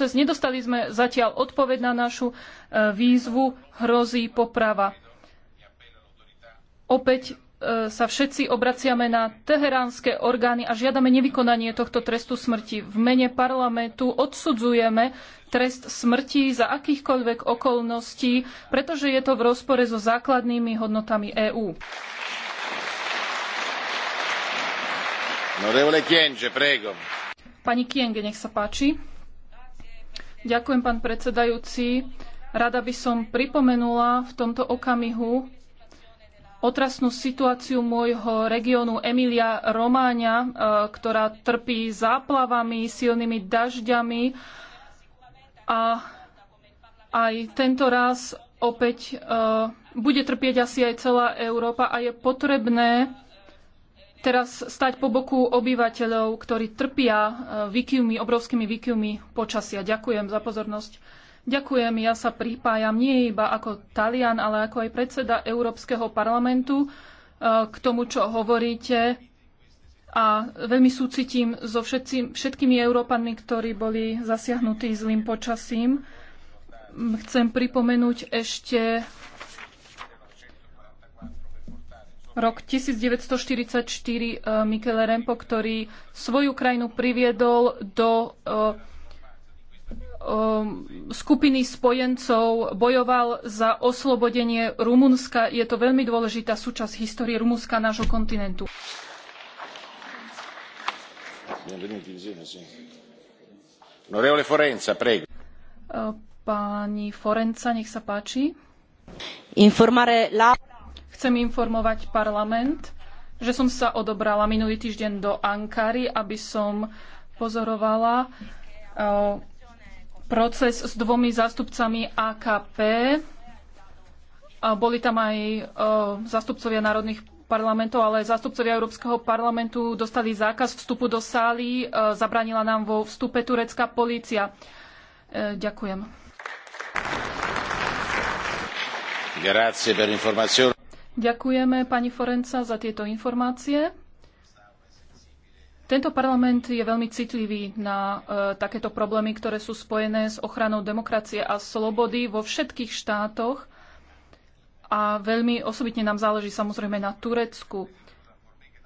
proces. Nedostali sme zatiaľ odpoveď na našu e, výzvu, hrozí poprava. Opäť e, sa všetci obraciame na teheránske orgány a žiadame nevykonanie tohto trestu smrti. V mene parlamentu odsudzujeme trest smrti za akýchkoľvek okolností, pretože je to v rozpore so základnými hodnotami EÚ. Pani Kienge, nech sa páči. Ďakujem, pán predsedajúci. Rada by som pripomenula v tomto okamihu otrasnú situáciu môjho regiónu Emilia Romáňa, e, ktorá trpí záplavami, silnými dažďami a aj tento raz opäť e, bude trpieť asi aj celá Európa a je potrebné teraz stať po boku obyvateľov, ktorí trpia e, výkyvmi, obrovskými výkyvmi počasia. Ďakujem za pozornosť. Ďakujem, ja sa pripájam nie iba ako Talian, ale ako aj predseda Európskeho parlamentu e, k tomu, čo hovoríte. A veľmi súcitím so všetci, všetkými Európanmi, ktorí boli zasiahnutí zlým počasím. Chcem pripomenúť ešte Rok 1944 eh, Michele Rempo, ktorý svoju krajinu priviedol do eh, eh, skupiny spojencov bojoval za oslobodenie Rumunska. Je to veľmi dôležitá súčasť histórie Rumunska nášho kontinentu. Pani Forenca, nech sa páči. Informare la... Chcem informovať parlament, že som sa odobrala minulý týždeň do Ankary, aby som pozorovala e, proces s dvomi zástupcami AKP. Boli tam aj e, zástupcovia národných parlamentov, ale zástupcovia Európskeho parlamentu dostali zákaz vstupu do sály. E, Zabranila nám vo vstupe turecká polícia. Ďakujem. Ďakujeme pani Forenca za tieto informácie. Tento parlament je veľmi citlivý na e, takéto problémy, ktoré sú spojené s ochranou demokracie a slobody vo všetkých štátoch a veľmi osobitne nám záleží samozrejme na Turecku.